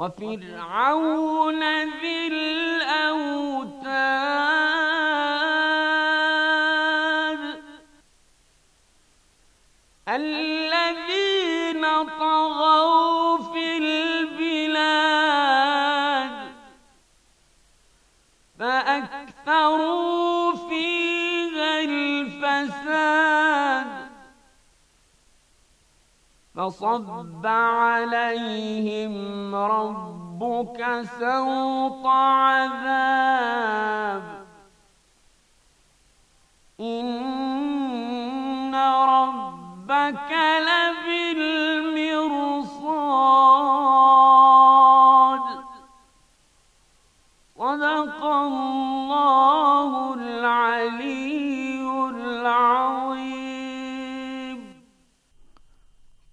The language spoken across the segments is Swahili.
وفرعون ذي الأوتاد فصب عليهم ربك سوط عذاب إن ربك لبالعذاب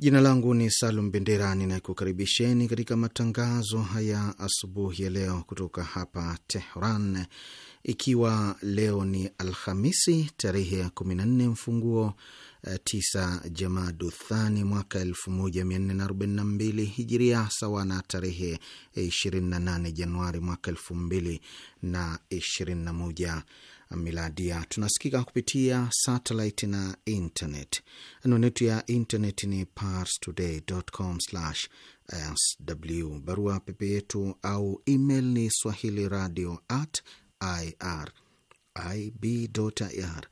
Jina langu ni Salum Bendera, ninakukaribisheni katika matangazo haya asubuhi ya leo kutoka hapa Tehran, ikiwa leo ni Alhamisi tarehe ya 14 mfunguo 9 eh, Jamadu Thani mwaka 1442 Hijiria, sawa na tarehe 28 eh, Januari mwaka 2021 miladia. Tunasikika kupitia satellite na internet. Anwani yetu ya internet ni parstoday.com/sw. Barua pepe yetu au email ni swahili radio at irib.ir.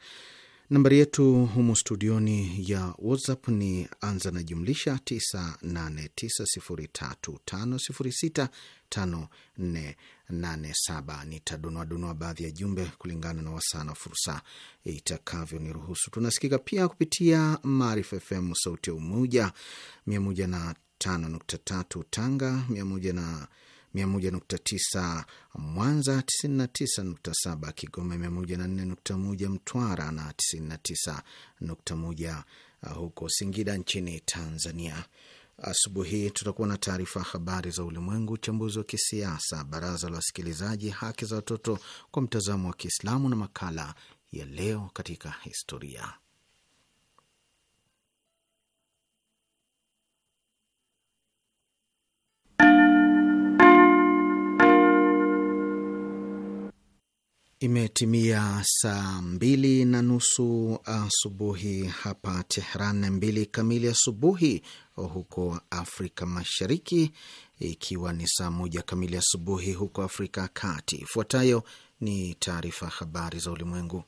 Nambari yetu humu studioni ya WhatsApp ni anza na jumlisha 98903506548 87. dunua baadhi ya jumbe kulingana na wasaa na fursa itakavyo niruhusu. Tunasikika pia kupitia Maarifa FM sauti ya Umoja 105.3 Tanga, 101.9 Mwanza, 99.7 Kigoma, 104.1 Mtwara na 99.1 huko Singida nchini Tanzania. Asubuhi tutakuwa na taarifa ya habari za ulimwengu, uchambuzi wa kisiasa, baraza la wasikilizaji, haki za watoto kwa mtazamo wa Kiislamu na makala ya leo katika historia. Imetimia saa mbili na nusu asubuhi hapa Tehran, mbili kamili asubuhi huko Afrika Mashariki, ikiwa ni saa moja kamili asubuhi huko Afrika ya Kati. Ifuatayo ni taarifa habari za ulimwengu.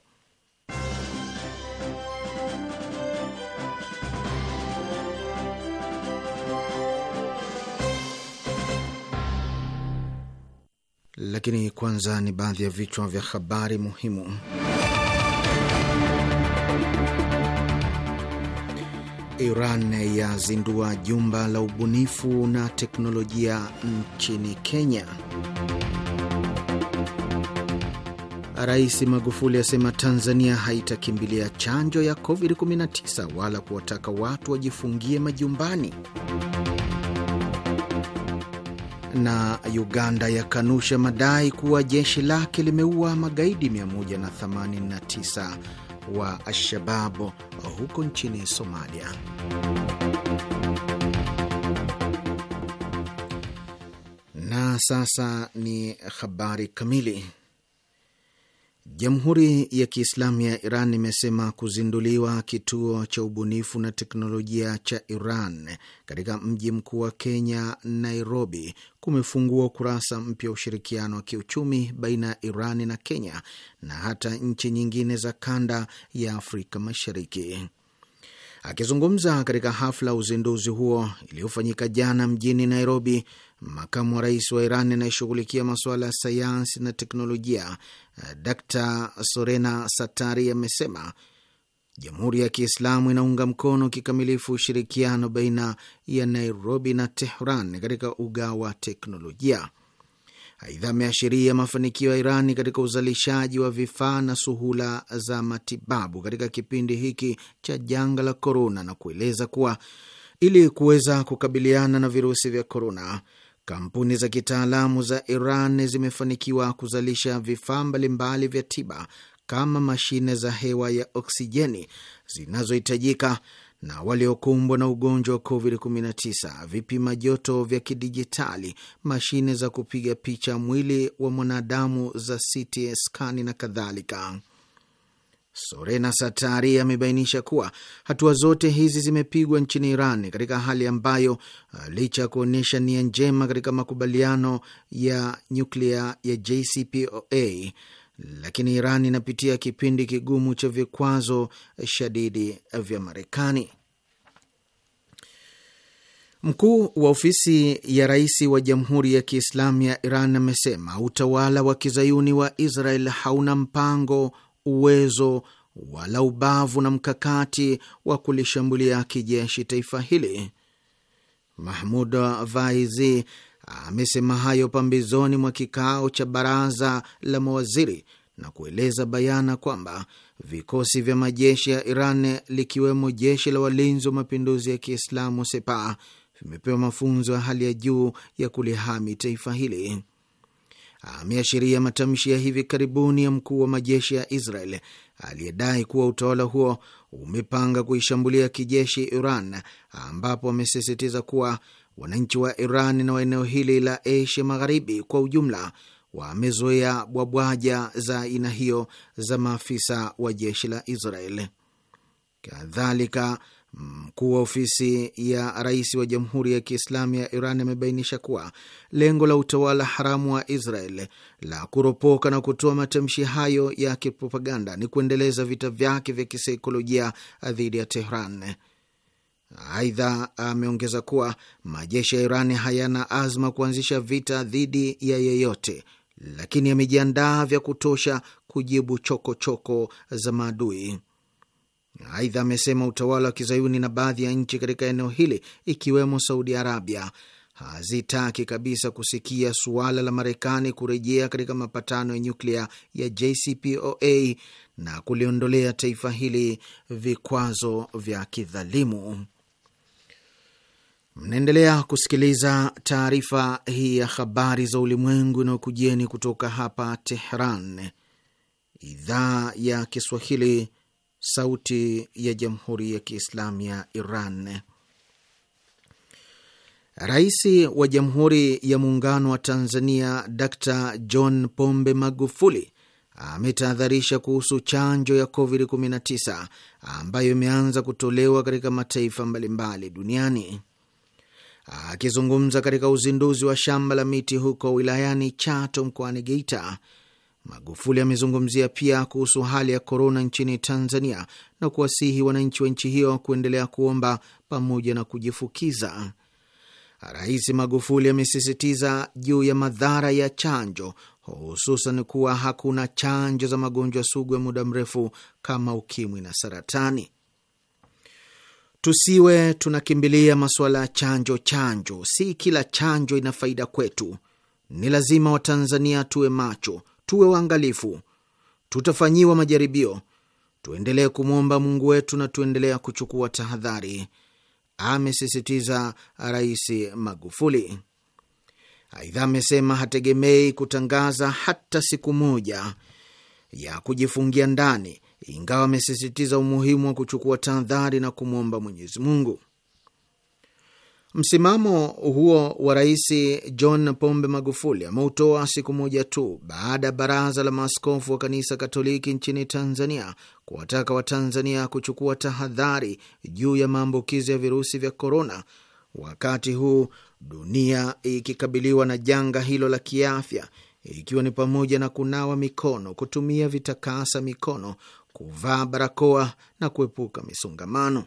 lakini kwanza ni baadhi ya vichwa vya habari muhimu. Iran yazindua jumba la ubunifu na teknolojia nchini Kenya. Rais Magufuli asema Tanzania haitakimbilia chanjo ya COVID-19 wala kuwataka watu wajifungie majumbani na Uganda yakanusha madai kuwa jeshi lake limeua magaidi 189 wa Alshababu huko nchini Somalia. Na sasa ni habari kamili. Jamhuri ya Kiislamu ya Iran imesema kuzinduliwa kituo cha ubunifu na teknolojia cha Iran katika mji mkuu wa Kenya, Nairobi, kumefungua ukurasa mpya wa ushirikiano wa kiuchumi baina ya Iran na Kenya na hata nchi nyingine za kanda ya Afrika Mashariki. Akizungumza katika hafla ya uzinduzi huo iliyofanyika jana mjini Nairobi, makamu wa rais wa Iran anayeshughulikia masuala ya sayansi na teknolojia Dkt Sorena Satari amesema Jamhuri ya Kiislamu inaunga mkono kikamilifu ushirikiano baina ya Nairobi na Tehran katika uga wa teknolojia. Aidha, ameashiria mafanikio ya Irani katika uzalishaji wa vifaa na suhula za matibabu katika kipindi hiki cha janga la korona, na kueleza kuwa ili kuweza kukabiliana na virusi vya korona kampuni za kitaalamu za Iran zimefanikiwa kuzalisha vifaa mbalimbali vya tiba kama mashine za hewa ya oksijeni zinazohitajika na waliokumbwa na ugonjwa wa COVID-19, vipima joto vya kidijitali, mashine za kupiga picha mwili wa mwanadamu za CT skani na kadhalika. Sorena Satari amebainisha kuwa hatua zote hizi zimepigwa nchini Iran katika hali ambayo uh, licha ya kuonyesha nia njema katika makubaliano ya nyuklia ya JCPOA, lakini Iran inapitia kipindi kigumu cha vikwazo shadidi vya Marekani. Mkuu wa ofisi ya rais wa Jamhuri ya Kiislamu ya Iran amesema utawala wa kizayuni wa Israel hauna mpango uwezo wala ubavu na mkakati wa kulishambulia kijeshi taifa hili. Mahmud Vaizi amesema hayo pambizoni mwa kikao cha baraza la mawaziri na kueleza bayana kwamba vikosi vya majeshi ya Iran likiwemo jeshi la walinzi wa mapinduzi ya Kiislamu Sepah vimepewa mafunzo ya hali ya juu ya kulihami taifa hili ameashiria matamshi ya hivi karibuni ya mkuu wa majeshi ya Israel aliyedai kuwa utawala huo umepanga kuishambulia kijeshi Iran, ambapo amesisitiza kuwa wananchi wa Iran na eneo hili la Asia Magharibi kwa ujumla wamezoea bwabwaja za aina hiyo za maafisa wa jeshi la Israel. Kadhalika Mkuu wa ofisi ya rais wa Jamhuri ya Kiislamu ya Iran amebainisha kuwa lengo la utawala haramu wa Israel la kuropoka na kutoa matamshi hayo ya kipropaganda ni kuendeleza vita vyake vya kisaikolojia dhidi ya Tehran. Aidha, ameongeza kuwa majeshi ya Iran hayana azma kuanzisha vita dhidi ya yeyote, lakini yamejiandaa vya kutosha kujibu chokochoko choko za maadui. Aidha amesema utawala wa kizayuni na baadhi ya nchi katika eneo hili ikiwemo Saudi Arabia hazitaki kabisa kusikia suala la Marekani kurejea katika mapatano ya nyuklia ya JCPOA na kuliondolea taifa hili vikwazo vya kidhalimu. Mnaendelea kusikiliza taarifa hii ya habari za ulimwengu inayokujieni kutoka hapa Tehran, idhaa ya Kiswahili, Sauti ya Jamhuri ya Kiislamu ya Iran. Rais wa Jamhuri ya Muungano wa Tanzania Dr John Pombe Magufuli ametahadharisha kuhusu chanjo ya COVID-19 ambayo imeanza kutolewa katika mataifa mbalimbali duniani. Akizungumza katika uzinduzi wa shamba la miti huko wilayani Chato mkoani Geita, Magufuli amezungumzia pia kuhusu hali ya korona nchini Tanzania na kuwasihi wananchi wa nchi hiyo kuendelea kuomba pamoja na kujifukiza. Rais Magufuli amesisitiza juu ya madhara ya chanjo, hususan kuwa hakuna chanjo za magonjwa sugu ya muda mrefu kama ukimwi na saratani. Tusiwe tunakimbilia masuala ya chanjo chanjo, si kila chanjo ina faida kwetu. Ni lazima Watanzania tuwe macho tuwe waangalifu, tutafanyiwa majaribio. Tuendelee kumwomba Mungu wetu na tuendelea kuchukua tahadhari, amesisitiza Rais Magufuli. Aidha, amesema hategemei kutangaza hata siku moja ya kujifungia ndani, ingawa amesisitiza umuhimu wa kuchukua tahadhari na kumwomba Mwenyezi Mungu. Msimamo huo wa Rais John Pombe Magufuli ameutoa siku moja tu baada ya baraza la maaskofu wa kanisa Katoliki nchini Tanzania kuwataka Watanzania kuchukua tahadhari juu ya maambukizi ya virusi vya korona, wakati huu dunia ikikabiliwa na janga hilo la kiafya, ikiwa ni pamoja na kunawa mikono, kutumia vitakasa mikono, kuvaa barakoa na kuepuka misongamano.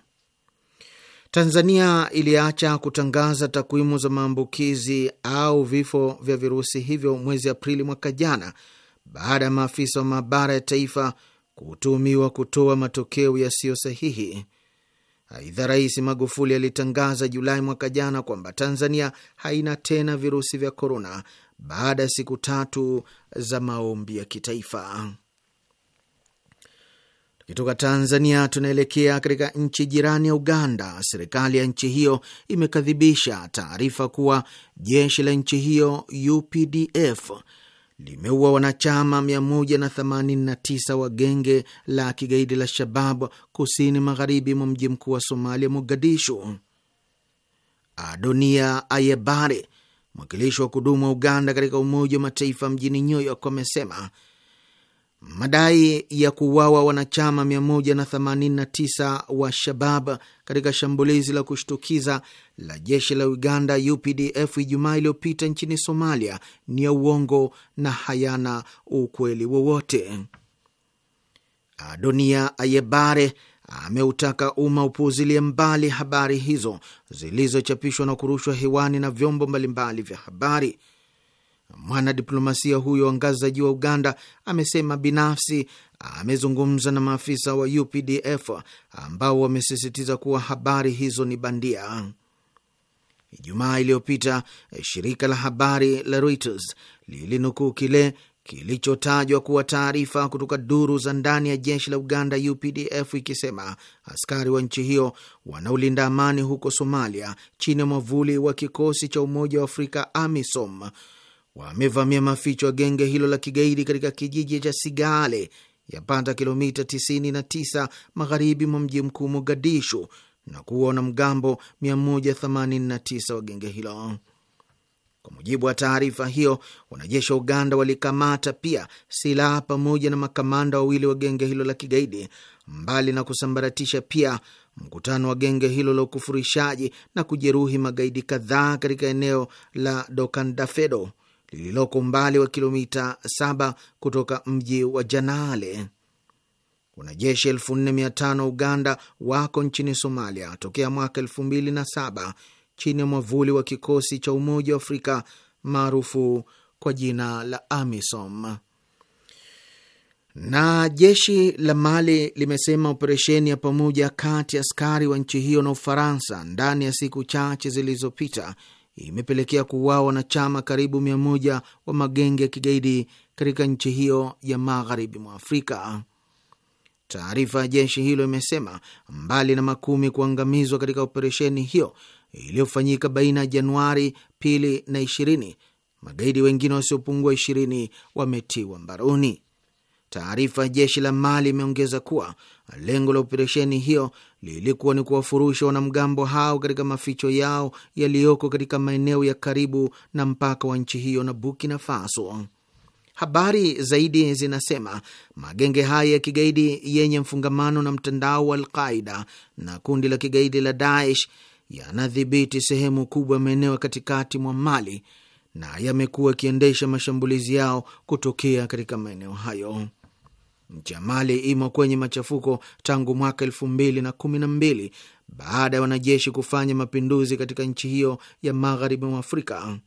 Tanzania iliacha kutangaza takwimu za maambukizi au vifo vya virusi hivyo mwezi Aprili mwaka jana baada ya maafisa wa maabara ya taifa kutumiwa kutoa matokeo yasiyo sahihi. Aidha, Rais Magufuli alitangaza Julai mwaka jana kwamba Tanzania haina tena virusi vya korona baada ya siku tatu za maombi ya kitaifa. Tukitoka Tanzania tunaelekea katika nchi jirani ya Uganda. Serikali ya nchi hiyo imekadhibisha taarifa kuwa jeshi la nchi hiyo UPDF limeua wanachama 189 wa genge la kigaidi la Shabab kusini magharibi mwa mji mkuu wa Somalia, Mogadishu. Adonia Ayebare, mwakilishi wa kudumu wa Uganda katika Umoja wa Mataifa mjini New York, amesema Madai ya kuuawa wanachama 189 wa Shabab katika shambulizi la kushtukiza la jeshi la Uganda UPDF Ijumaa iliyopita nchini Somalia ni ya uongo na hayana ukweli wowote. Adonia Ayebare ameutaka umma upuuzilie mbali habari hizo zilizochapishwa na kurushwa hewani na vyombo mbalimbali vya habari. Mwanadiplomasia huyo wa ngazi za juu wa Uganda amesema binafsi amezungumza na maafisa wa UPDF ambao wamesisitiza kuwa habari hizo ni bandia. Ijumaa iliyopita shirika la habari la Reuters lilinukuu kile kilichotajwa kuwa taarifa kutoka duru za ndani ya jeshi la Uganda UPDF ikisema askari wa nchi hiyo wanaolinda amani huko Somalia chini ya mwavuli wa kikosi cha Umoja wa Afrika AMISOM wamevamia maficho ya genge hilo la kigaidi katika kijiji cha Sigale, yapata kilomita 99 magharibi mwa mji mkuu Mogadishu, na kuwa wanamgambo 189 wa genge hilo. Kwa mujibu wa taarifa hiyo, wanajeshi wa Uganda walikamata pia silaha pamoja na makamanda wawili wa genge hilo la kigaidi, mbali na kusambaratisha pia mkutano wa genge hilo la ukufurishaji na kujeruhi magaidi kadhaa katika eneo la Dokandafedo lililoko umbali wa kilomita 7 kutoka mji wa Janale. Wanajeshi elfu nne Uganda wako nchini Somalia tokea mwaka 27 chini ya mwavuli wa kikosi cha Umoja wa Afrika maarufu kwa jina la AMISOM. Na jeshi la Mali limesema operesheni ya pamoja kati ya askari wa nchi hiyo na Ufaransa ndani ya siku chache zilizopita imepelekea kuuawa wanachama karibu mia moja wa magenge ya kigaidi katika nchi hiyo ya magharibi mwa Afrika. Taarifa ya jeshi hilo imesema mbali na makumi kuangamizwa katika operesheni hiyo iliyofanyika baina ya Januari pili na ishirini, magaidi wengine wasiopungua ishirini wametiwa mbaroni. Taarifa ya jeshi la Mali imeongeza kuwa lengo la operesheni hiyo lilikuwa ni kuwafurusha wanamgambo hao katika maficho yao yaliyoko katika maeneo ya karibu na mpaka wa nchi hiyo na Burkina Faso. Habari zaidi zinasema magenge haya ya kigaidi yenye mfungamano na mtandao wa Alqaida na kundi la kigaidi la Daesh yanadhibiti sehemu kubwa ya maeneo ya katikati mwa Mali na yamekuwa yakiendesha mashambulizi yao kutokea katika maeneo hayo. Nchi ya Mali imo kwenye machafuko tangu mwaka elfu mbili na kumi na mbili baada ya wanajeshi kufanya mapinduzi katika nchi hiyo ya magharibi mwa Afrika.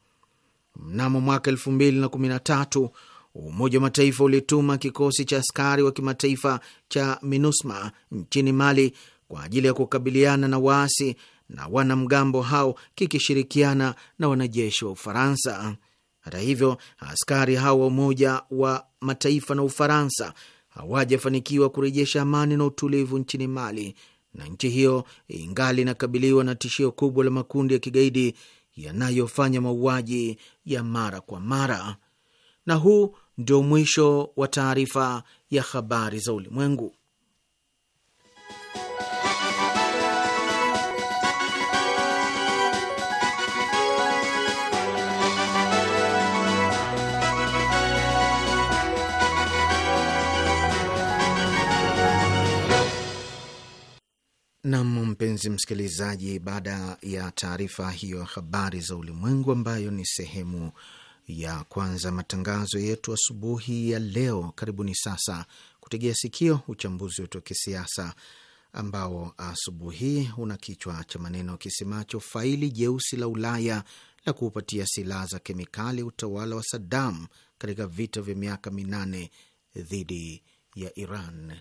Mnamo mwaka elfu mbili na kumi na tatu Umoja wa Mataifa ulituma kikosi cha askari wa kimataifa cha MINUSMA nchini Mali kwa ajili ya kukabiliana na waasi na wanamgambo hao kikishirikiana na wanajeshi wa Ufaransa. Hata hivyo, askari hao wa Umoja wa Mataifa na Ufaransa hawajafanikiwa kurejesha amani na utulivu nchini Mali, na nchi hiyo ingali inakabiliwa na tishio kubwa la makundi ya kigaidi yanayofanya mauaji ya mara kwa mara. Na huu ndio mwisho wa taarifa ya habari za ulimwengu. Nam, mpenzi msikilizaji, baada ya taarifa hiyo ya habari za ulimwengu ambayo ni sehemu ya kwanza matangazo yetu asubuhi ya leo, karibuni sasa kutegea sikio uchambuzi wetu wa kisiasa ambao asubuhi una kichwa cha maneno kisemacho faili jeusi la Ulaya la kuupatia silaha za kemikali utawala wa Saddam katika vita vya miaka minane dhidi ya Iran.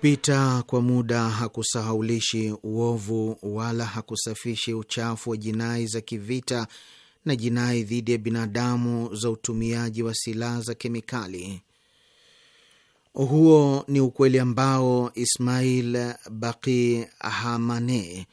Kupita kwa muda hakusahaulishi uovu wala hakusafishi uchafu wa jinai za kivita na jinai dhidi ya binadamu za utumiaji wa silaha za kemikali. Huo ni ukweli ambao Ismail Baki Hamane,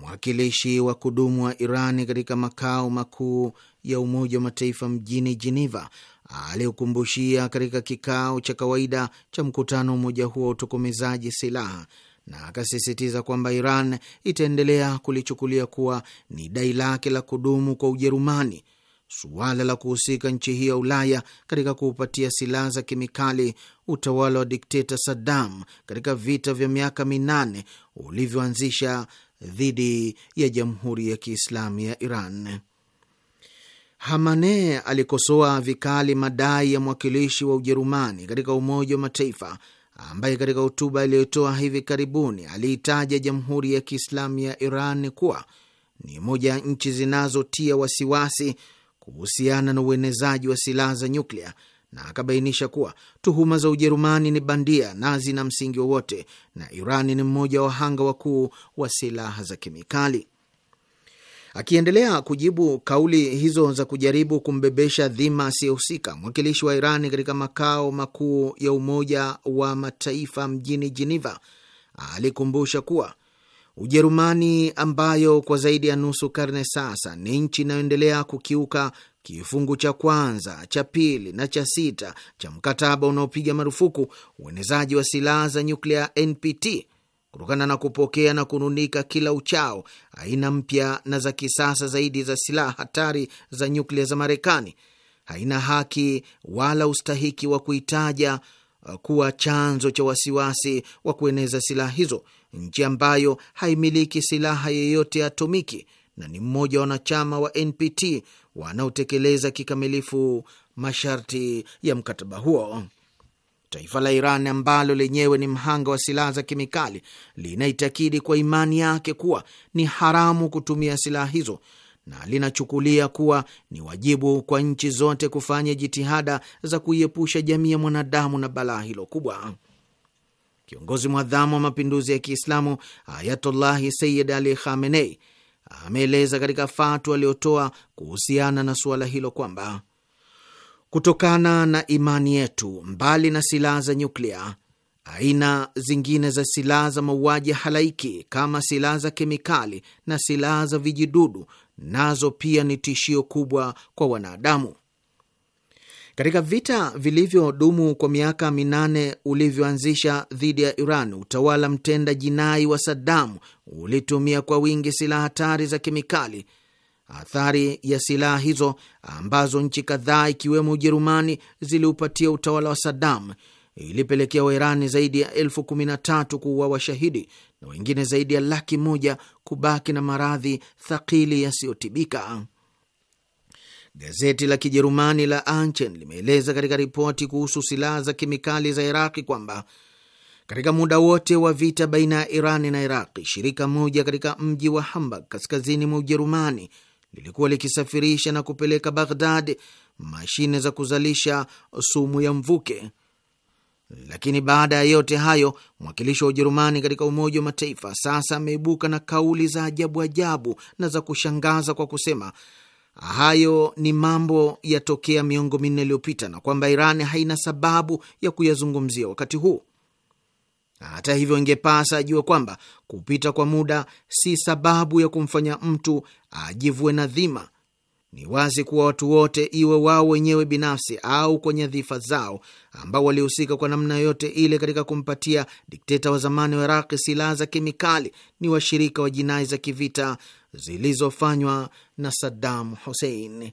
mwakilishi wa kudumu wa Irani katika makao makuu ya Umoja wa Mataifa mjini Jeneva, aliyokumbushia katika kikao cha kawaida cha mkutano mmoja huo wa utokomezaji silaha na akasisitiza kwamba Iran itaendelea kulichukulia kuwa ni dai lake la kudumu kwa Ujerumani suala la kuhusika nchi hiyo ya Ulaya katika kuupatia silaha za kemikali utawala wa dikteta Saddam katika vita vya miaka minane ulivyoanzisha dhidi ya Jamhuri ya Kiislamu ya Iran. Hamane alikosoa vikali madai ya mwakilishi wa Ujerumani katika Umoja wa Mataifa ambaye katika hotuba aliyotoa hivi karibuni aliitaja Jamhuri ya Kiislamu ya Iran kuwa ni moja ya nchi zinazotia wasiwasi kuhusiana na uenezaji wa silaha za nyuklia na akabainisha kuwa tuhuma za Ujerumani ni bandia na zina msingi wowote na iran ni mmoja wa wahanga wakuu wa silaha za kemikali. Akiendelea kujibu kauli hizo za kujaribu kumbebesha dhima asiyehusika, mwakilishi wa Iran katika makao makuu ya Umoja wa Mataifa mjini Jeneva alikumbusha kuwa Ujerumani, ambayo kwa zaidi ya nusu karne sasa ni nchi inayoendelea kukiuka kifungu cha kwanza, cha pili na cha sita cha mkataba unaopiga marufuku uenezaji wa silaha za nyuklia NPT kutokana na kupokea na kununika kila uchao aina mpya na za kisasa zaidi za silaha hatari za nyuklia za Marekani, haina haki wala ustahiki wa kuitaja uh, kuwa chanzo cha wasiwasi wa kueneza silaha hizo, nchi ambayo haimiliki silaha yeyote ya atomiki na ni mmoja wa wanachama wa NPT wanaotekeleza kikamilifu masharti ya mkataba huo. Taifa la Iran ambalo lenyewe ni mhanga wa silaha za kemikali linaitakidi kwa imani yake kuwa ni haramu kutumia silaha hizo na linachukulia kuwa ni wajibu kwa nchi zote kufanya jitihada za kuiepusha jamii ya mwanadamu na balaa hilo kubwa. Kiongozi mwadhamu wa mapinduzi ya Kiislamu Ayatullahi Sayyid Ali Khamenei ameeleza katika fatwa aliyotoa kuhusiana na suala hilo kwamba kutokana na imani yetu, mbali na silaha za nyuklia, aina zingine za silaha za mauaji halaiki kama silaha za kemikali na silaha za vijidudu nazo pia ni tishio kubwa kwa wanadamu. Katika vita vilivyodumu kwa miaka minane ulivyoanzisha dhidi ya Iran, utawala mtenda jinai wa Sadamu ulitumia kwa wingi silaha hatari za kemikali Athari ya silaha hizo ambazo nchi kadhaa ikiwemo Ujerumani ziliupatia utawala wa Saddam ilipelekea Wairani zaidi ya elfu kumi na tatu kuuawa washahidi na wengine zaidi ya laki moja kubaki na maradhi thakili yasiyotibika. Gazeti la Kijerumani la Anchen limeeleza katika ripoti kuhusu silaha za kemikali za Iraqi kwamba katika muda wote wa vita baina ya Irani na Iraqi, shirika moja katika mji wa Hamburg kaskazini mwa Ujerumani lilikuwa likisafirisha na kupeleka Baghdad mashine za kuzalisha sumu ya mvuke. Lakini baada ya yote hayo, mwakilishi wa Ujerumani katika Umoja wa Mataifa sasa ameibuka na kauli za ajabu ajabu na za kushangaza kwa kusema hayo ni mambo yatokea miongo minne iliyopita na kwamba Iran haina sababu ya kuyazungumzia wakati huu. Na hata hivyo, ingepasa ajue kwamba kupita kwa muda si sababu ya kumfanya mtu ajivue nadhima. Ni wazi kuwa watu wote, iwe wao wenyewe binafsi au kwa nyadhifa zao, ambao walihusika kwa namna yote ile katika kumpatia dikteta wa zamani wa Iraqi silaha za kemikali ni washirika wa jinai za kivita zilizofanywa na Saddam Hussein.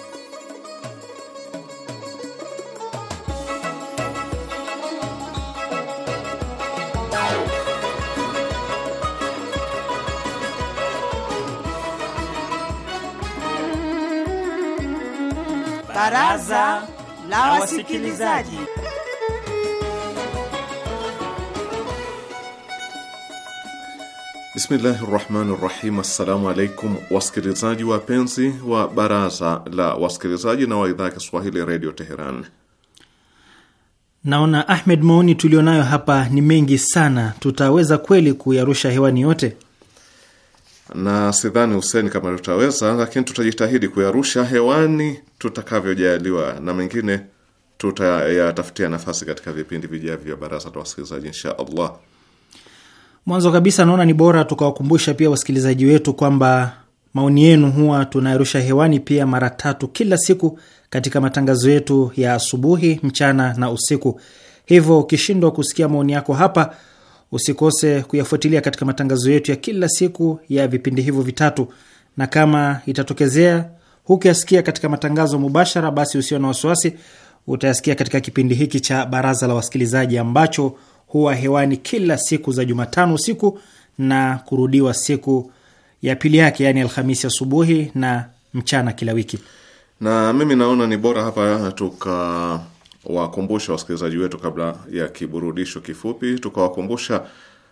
Baraza la Wasikilizaji. Bismillahi rahmani rahim. Assalamu alaikum wasikilizaji wapenzi wa baraza la wasikilizaji na wa idhaa ya Kiswahili redio Teheran. Naona Ahmed, maoni tulionayo hapa ni mengi sana, tutaweza kweli kuyarusha hewani yote? na sidhani Huseni kama tutaweza, lakini tutajitahidi kuyarusha hewani tutakavyojaliwa, na mengine tutayatafutia nafasi katika vipindi vijavyo vya baraza la wasikilizaji insha Allah. Mwanzo kabisa, naona ni bora tukawakumbusha pia wasikilizaji wetu kwamba maoni yenu huwa tunayarusha hewani pia mara tatu kila siku katika matangazo yetu ya asubuhi, mchana na usiku. Hivyo ukishindwa kusikia maoni yako hapa Usikose kuyafuatilia katika matangazo yetu ya kila siku ya vipindi hivyo vitatu, na kama itatokezea hukuyasikia katika matangazo mubashara, basi usio na wasiwasi, utayasikia katika kipindi hiki cha Baraza la Wasikilizaji ambacho huwa hewani kila siku za Jumatano usiku na kurudiwa siku ya pili yake, yaani Alhamisi asubuhi ya na mchana kila wiki. Na mimi naona ni bora hapa tuka wakumbusha wasikilizaji wetu kabla ya kiburudisho kifupi, tukawakumbusha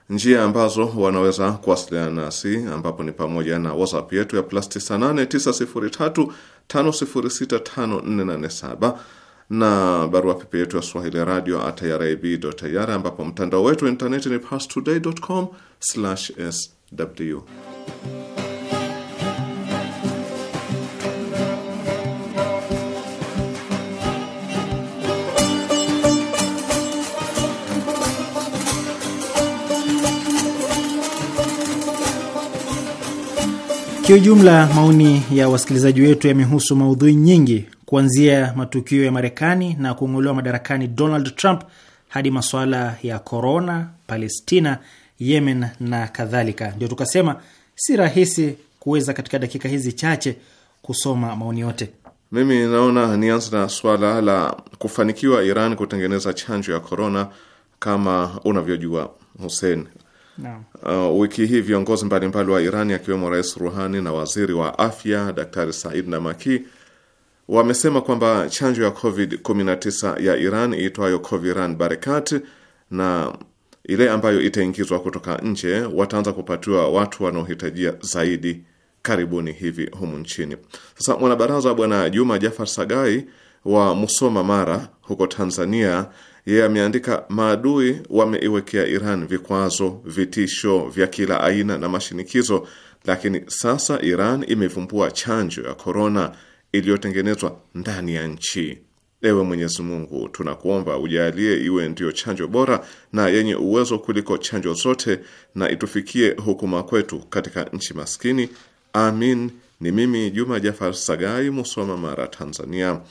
njia ambazo wanaweza kuwasiliana nasi ambapo ni pamoja na WhatsApp yetu ya plus 989035065487 na barua pepe yetu ya Swahili radio at irib.ir, ambapo mtandao wetu wa intaneti ni parstoday.com/sw. Kiujumla, maoni ya wasikilizaji wetu yamehusu maudhui nyingi, kuanzia matukio ya Marekani na kuong'olewa madarakani Donald Trump hadi masuala ya korona, Palestina, Yemen na kadhalika. Ndio tukasema si rahisi kuweza katika dakika hizi chache kusoma maoni yote. Mimi naona nianze na swala la kufanikiwa Iran kutengeneza chanjo ya korona. Kama unavyojua Hussein, No. Uh, wiki hii viongozi mbalimbali wa Irani akiwemo Rais Ruhani na waziri wa afya Daktari Said Namaki wamesema kwamba chanjo ya COVID-19 ya Iran iitwayo Coviran Barakat na ile ambayo itaingizwa kutoka nje wataanza kupatiwa watu wanaohitajia zaidi karibuni hivi humu nchini. Sasa mwanabaraza Bwana Juma Jafar Sagai wa Musoma Mara huko Tanzania yeye ameandika, maadui wameiwekea Iran vikwazo, vitisho vya kila aina na mashinikizo, lakini sasa Iran imevumbua chanjo ya korona iliyotengenezwa ndani ya nchi. Ewe Mwenyezi Mungu, tunakuomba ujalie iwe ndiyo chanjo bora na yenye uwezo kuliko chanjo zote, na itufikie hukuma kwetu katika nchi maskini. Amin. Ni mimi Juma Jafar Sagai, Musoma, Mara, Tanzania.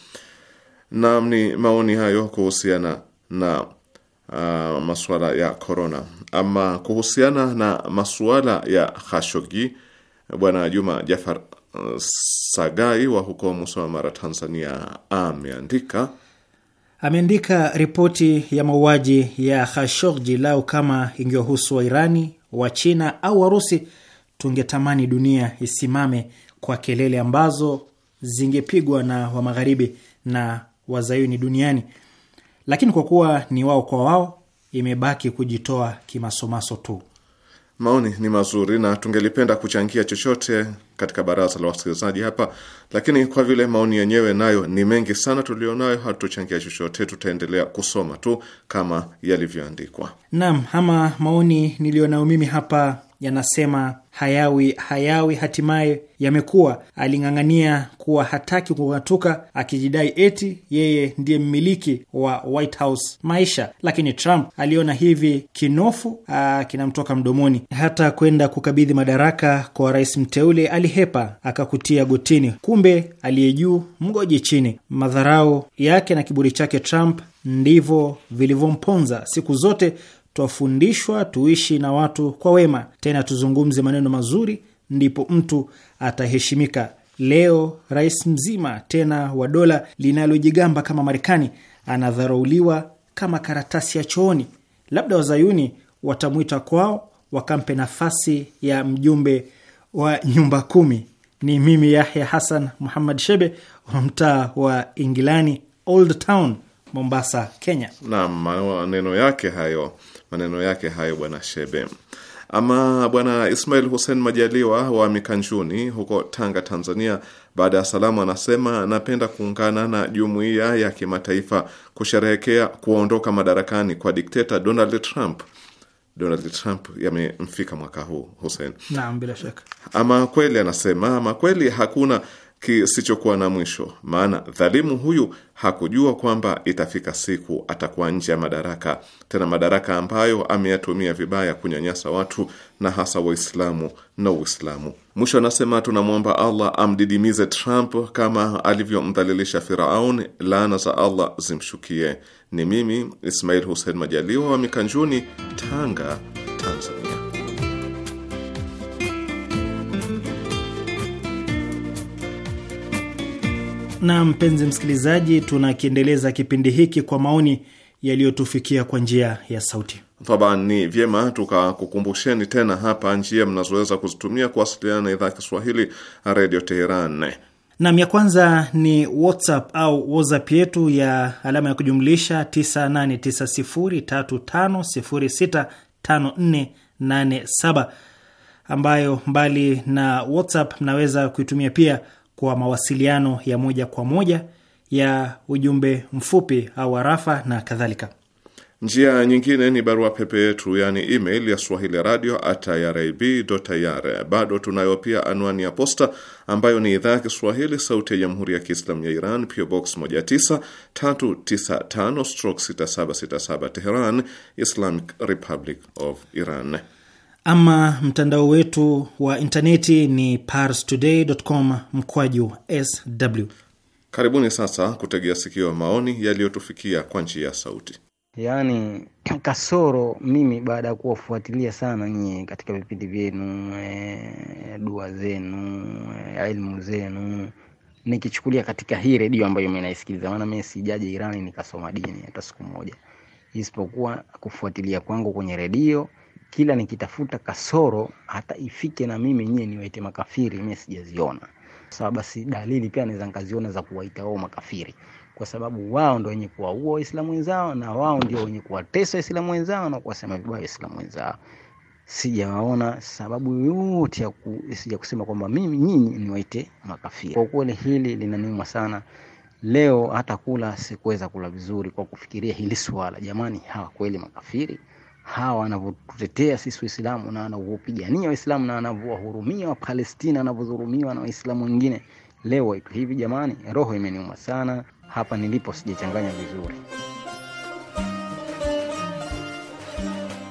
Naam, ni maoni hayo kuhusiana na uh, ah, masuala ya korona. Ama kuhusiana na masuala ya Khashogi, bwana Juma Jafar ah, Sagai wa huko Musoma, Mara, Tanzania ameandika ameandika ripoti ya mauaji ya Khashoggi, lao kama Irani, Wairani, china au Warusi, tungetamani dunia isimame kwa kelele ambazo zingepigwa na Wamagharibi na Wazayuni duniani lakini kwa kuwa ni wao kwa wao, imebaki kujitoa kimasomaso tu. Maoni ni mazuri na tungelipenda kuchangia chochote katika baraza la wasikilizaji hapa, lakini kwa vile maoni yenyewe nayo ni mengi sana tulionayo, hatutochangia chochote, tutaendelea kusoma tu kama yalivyoandikwa. Naam, ama maoni niliyonayo mimi hapa yanasema hayawi hayawi, hatimaye yamekuwa. Aling'ang'ania kuwa hataki kung'atuka, akijidai eti yeye ndiye mmiliki wa White House maisha, lakini Trump aliona hivi kinofu ah, kinamtoka mdomoni. Hata kwenda kukabidhi madaraka kwa rais mteule alihepa, akakutia gotini, kumbe aliye juu mgoji chini. Madharau yake na kiburi chake Trump ndivyo vilivyomponza siku zote twafundishwa tuishi na watu kwa wema, tena tuzungumze maneno mazuri, ndipo mtu ataheshimika. Leo rais mzima tena wa dola linalojigamba kama Marekani anadharauliwa kama karatasi ya chooni. Labda wazayuni watamwita kwao wakampe nafasi ya mjumbe wa nyumba kumi. Ni mimi Yahya Hassan Muhammad Shebe wa mtaa wa Ingilani, Old Town, Mombasa, Kenya. Naam, maneno yake hayo Maneno yake hayo bwana Shebe. Ama bwana Ismail Hussein Majaliwa wa Mikanjuni huko Tanga, Tanzania, baada ya salamu, anasema napenda kuungana na jumuiya ya kimataifa kusherehekea kuondoka madarakani kwa dikteta Donald Trump. Donald Trump yamemfika mwaka huu Hussein. Naam, bila shaka. Ama kweli anasema, ama kweli hakuna kisichokuwa na mwisho, maana dhalimu huyu hakujua kwamba itafika siku atakuwa nje ya madaraka, tena madaraka ambayo ameyatumia vibaya kunyanyasa watu na hasa Waislamu na Uislamu. Mwisho anasema tunamwomba Allah amdidimize Trump kama alivyomdhalilisha Firaun, laana za Allah zimshukie. Ni mimi Ismail Hussein Majaliwa wa Mikanjuni, Tanga, Na mpenzi msikilizaji, tunakiendeleza kipindi hiki kwa maoni yaliyotufikia kwa njia ya sauti. Taban, ni vyema tukakukumbusheni tena hapa njia mnazoweza kuzitumia kuwasiliana na idhaa Kiswahili Redio Teheran. Nam, ya kwanza ni WhatsApp au WhatsApp yetu ya alama ya kujumlisha 989035065487, ambayo mbali na WhatsApp mnaweza kuitumia pia kwa mawasiliano ya moja kwa moja ya ujumbe mfupi au arafa na kadhalika. Njia nyingine ni barua pepe yetu, yaani email ya swahili radio at irib.ir. Bado tunayo pia anwani ya posta ambayo ni idhaa ya Kiswahili, sauti ya jamhuri ya kiislamu ya Iran, PO Box 19395 stroke 6767 teheran Islamic Republic of Iran. Ama mtandao wetu wa intaneti ni parstoday.com mkwaju sw. Karibuni sasa kutegea sikio maoni yaliyotufikia kwa njia ya sauti. Yaani kasoro mimi baada ya kuwafuatilia sana nyie katika vipindi vyenu e, dua zenu e, ilmu zenu nikichukulia katika hii redio ambayo mimi naisikiliza, maana mimi sijaje Irani nikasoma dini hata siku moja, isipokuwa kufuatilia kwangu kwenye redio kila nikitafuta kasoro hata ifike na mimi nyie niwaite makafiri, mimi sijaziona. Sasa basi dalili pia naweza nikaziona za kuwaita wao makafiri, kwa sababu wao ndio wenye kuwaua Waislamu wenzao na wao ndio wenye kuwatesa Waislamu wenzao na kuwasema vibaya Waislamu wenzao. Sijawaona sababu yoyote ya ku, sija kusema kwamba mimi nyinyi niwaite makafiri. Kwa kweli hili linaniuma sana. Leo hata kula sikuweza kula vizuri kwa kufikiria hili swala. Jamani, hawa kweli makafiri? hawa wanavyotutetea sisi Waislamu na wanavyopigania Waislamu na wanavyowahurumia Wapalestina wanavyodhulumiwa na Waislamu wengine leo hivi. Jamani, roho imeniuma sana hapa nilipo, sijachanganya vizuri.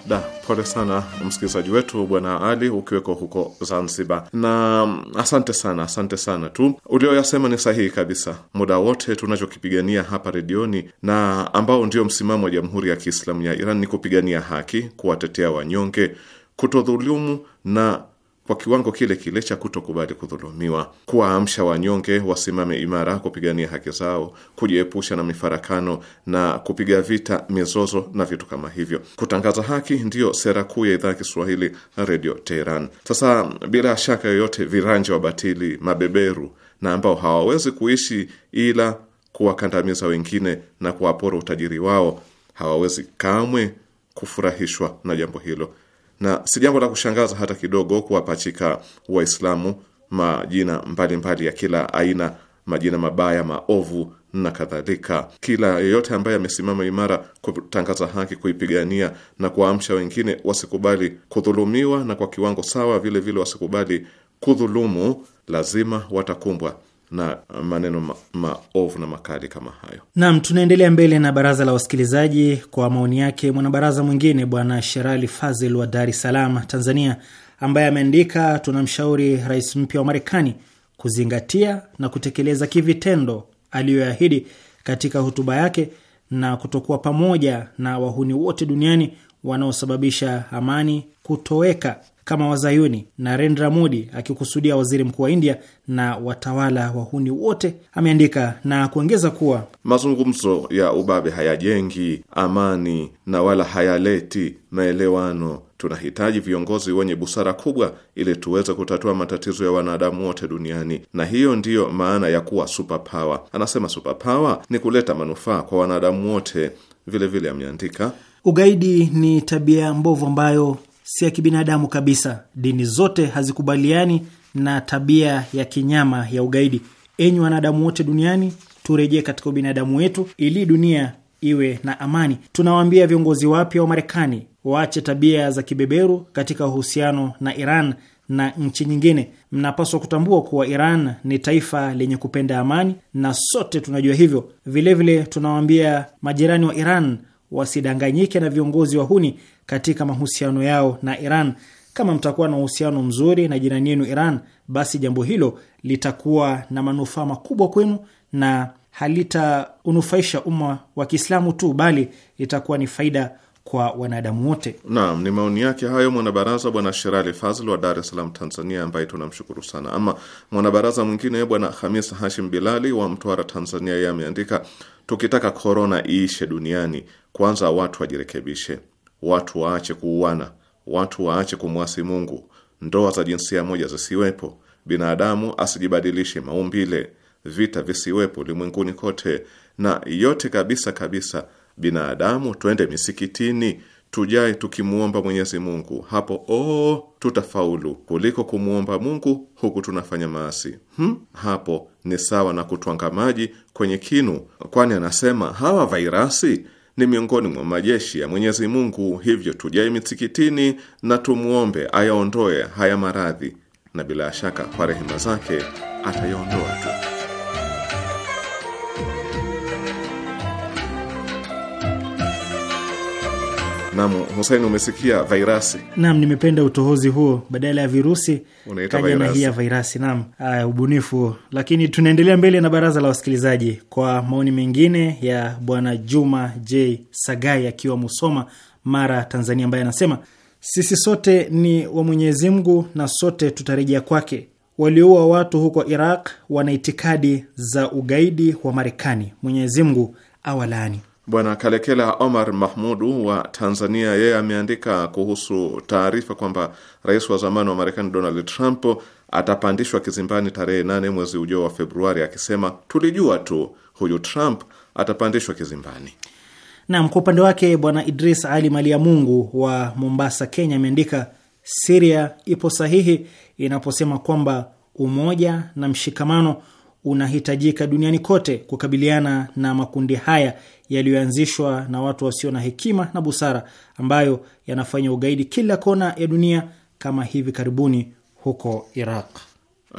Da, pole sana msikilizaji wetu Bwana Ali, ukiweko huko Zanzibar, na asante sana, asante sana tu. Ulioyasema ni sahihi kabisa. Muda wote tunachokipigania hapa redioni na ambao ndio msimamo wa Jamhuri ya Kiislamu ya Iran ni kupigania haki, kuwatetea wanyonge, kutodhulumu na kwa kiwango kile kile cha kutokubali kudhulumiwa, kuwaamsha wanyonge wasimame imara kupigania haki zao, kujiepusha na mifarakano na kupiga vita mizozo na vitu kama hivyo. Kutangaza haki ndiyo sera kuu ya idhaa ya Kiswahili Radio Teheran. Sasa bila shaka yoyote, viranja wa batili, mabeberu na ambao hawawezi kuishi ila kuwakandamiza wengine na kuwapora utajiri wao hawawezi kamwe kufurahishwa na jambo hilo na si jambo la kushangaza hata kidogo kuwapachika Waislamu majina mbalimbali mbali ya kila aina, majina mabaya, maovu na kadhalika. Kila yeyote ambaye amesimama imara kutangaza haki, kuipigania na kuwaamsha wengine wasikubali kudhulumiwa, na kwa kiwango sawa vile vile wasikubali kudhulumu, lazima watakumbwa na maneno ma maovu na makali kama hayo. Naam, tunaendelea mbele na baraza la wasikilizaji kwa maoni yake mwanabaraza mwingine Bwana Sherali Fazil wa Dar es Salaam, Tanzania, ambaye ameandika, tunamshauri rais mpya wa Marekani kuzingatia na kutekeleza kivitendo aliyoahidi katika hotuba yake na kutokuwa pamoja na wahuni wote duniani wanaosababisha amani kutoweka kama Wazayuni. Narendra Modi akikusudia waziri mkuu wa India na watawala wahuni wote, ameandika na kuongeza kuwa mazungumzo ya ubabe hayajengi amani na wala hayaleti maelewano. Tunahitaji viongozi wenye busara kubwa ili tuweze kutatua matatizo ya wanadamu wote duniani, na hiyo ndiyo maana ya kuwa superpower. Anasema superpower ni kuleta manufaa kwa wanadamu wote. Vilevile ameandika ugaidi ni tabia mbovu ambayo si ya kibinadamu kabisa. Dini zote hazikubaliani na tabia ya kinyama ya ugaidi. Enyi wanadamu wote duniani, turejee katika ubinadamu wetu ili dunia iwe na amani. Tunawaambia viongozi wapya wa Marekani waache tabia za kibeberu katika uhusiano na Iran na nchi nyingine. Mnapaswa kutambua kuwa Iran ni taifa lenye kupenda amani na sote tunajua hivyo. Vilevile tunawaambia majirani wa Iran wasidanganyike na viongozi wa huni katika mahusiano yao na Iran. Kama mtakuwa na uhusiano mzuri na jirani yenu Iran, basi jambo hilo litakuwa na manufaa makubwa kwenu na halitaunufaisha umma wa Kiislamu tu, bali litakuwa ni faida kwa wanadamu wote. Naam, ni maoni yake hayo mwanabaraza Bwana Sherali Fazl wa Dar es Salaam, Tanzania, ambaye tunamshukuru sana. Ama mwanabaraza mwingine Bwana Hamis Hashim Bilali wa Mtwara, Tanzania, yeye ameandika, tukitaka korona iishe duniani, kwanza watu wajirekebishe, watu waache kuuana, watu waache kumwasi Mungu, ndoa za jinsia moja zisiwepo, binadamu asijibadilishe maumbile, vita visiwepo ulimwenguni kote, na yote kabisa kabisa binadamu twende misikitini tujae tukimwomba Mwenyezi Mungu, hapo oh, tutafaulu kuliko kumwomba Mungu huku tunafanya maasi. Hmm, hapo ni sawa na kutwanga maji kwenye kinu, kwani anasema hawa vairasi ni miongoni mwa majeshi ya Mwenyezi Mungu, hivyo tujae misikitini na tumwombe ayaondoe haya maradhi, na bila shaka kwa rehema zake atayaondoa tu. Naam, Hussein, umesikia vairasi? Naam, nimependa utohozi huo, badala ya virusi kaja na hii ya vairasi. Naam, aya, ah, ubunifu huo. Lakini tunaendelea mbele na baraza la wasikilizaji kwa maoni mengine ya bwana Juma J Sagai akiwa Musoma, Mara, Tanzania, ambaye anasema sisi sote ni wa Mwenyezi Mungu na sote tutarejea kwake. Walioua watu huko Iraq wana itikadi za ugaidi wa Marekani. Mwenyezi Mungu awalaani. Bwana Kalekela Omar Mahmudu wa Tanzania, yeye ameandika kuhusu taarifa kwamba rais wa zamani wa Marekani Donald Trump atapandishwa kizimbani tarehe nane mwezi ujao wa Februari, akisema tulijua tu huyu Trump atapandishwa kizimbani. Naam, kwa upande wake Bwana Idris Ali Malia Mungu wa Mombasa, Kenya, ameandika Siria ipo sahihi inaposema kwamba umoja na mshikamano unahitajika duniani kote kukabiliana na makundi haya yaliyoanzishwa na watu wasio na hekima na busara, ambayo yanafanya ugaidi kila kona ya dunia, kama hivi karibuni huko Iraq.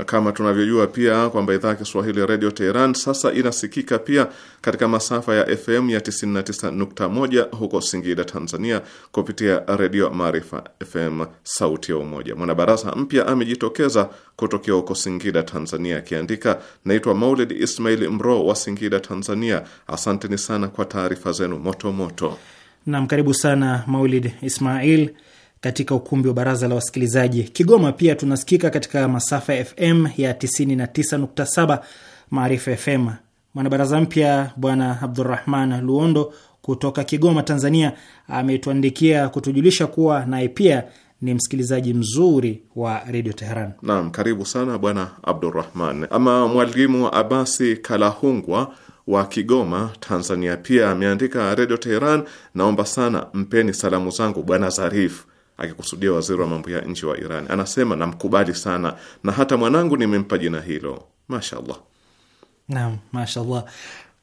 Kama tunavyojua pia kwamba idhaa ya Kiswahili Redio Teheran sasa inasikika pia katika masafa ya FM ya 99.1 huko Singida, Tanzania, kupitia Redio Maarifa FM, sauti ya Umoja. Mwanabaraza mpya amejitokeza kutokea huko Singida, Tanzania, akiandika naitwa Maulid Ismail Mro wa Singida, Tanzania. Asanteni sana kwa taarifa zenu motomoto. Nam, karibu sana Maulid Ismail katika ukumbi wa baraza la wasikilizaji Kigoma. Pia tunasikika katika masafa ya FM ya 99.7 Maarifa FM. Mwanabaraza mpya Bwana Abdurahman Luondo kutoka Kigoma, Tanzania, ametuandikia kutujulisha kuwa naye pia ni msikilizaji mzuri wa redio Teheran. Naam, karibu sana Bwana Abdurahman. Ama Mwalimu Abasi Kalahungwa wa Kigoma, Tanzania, pia ameandika redio Teheran, naomba sana mpeni salamu zangu Bwana Zarifu akikusudia waziri wa mambo ya nje wa Iran, anasema namkubali sana na hata mwanangu nimempa jina hilo. Mashallah. Naam, mashallah.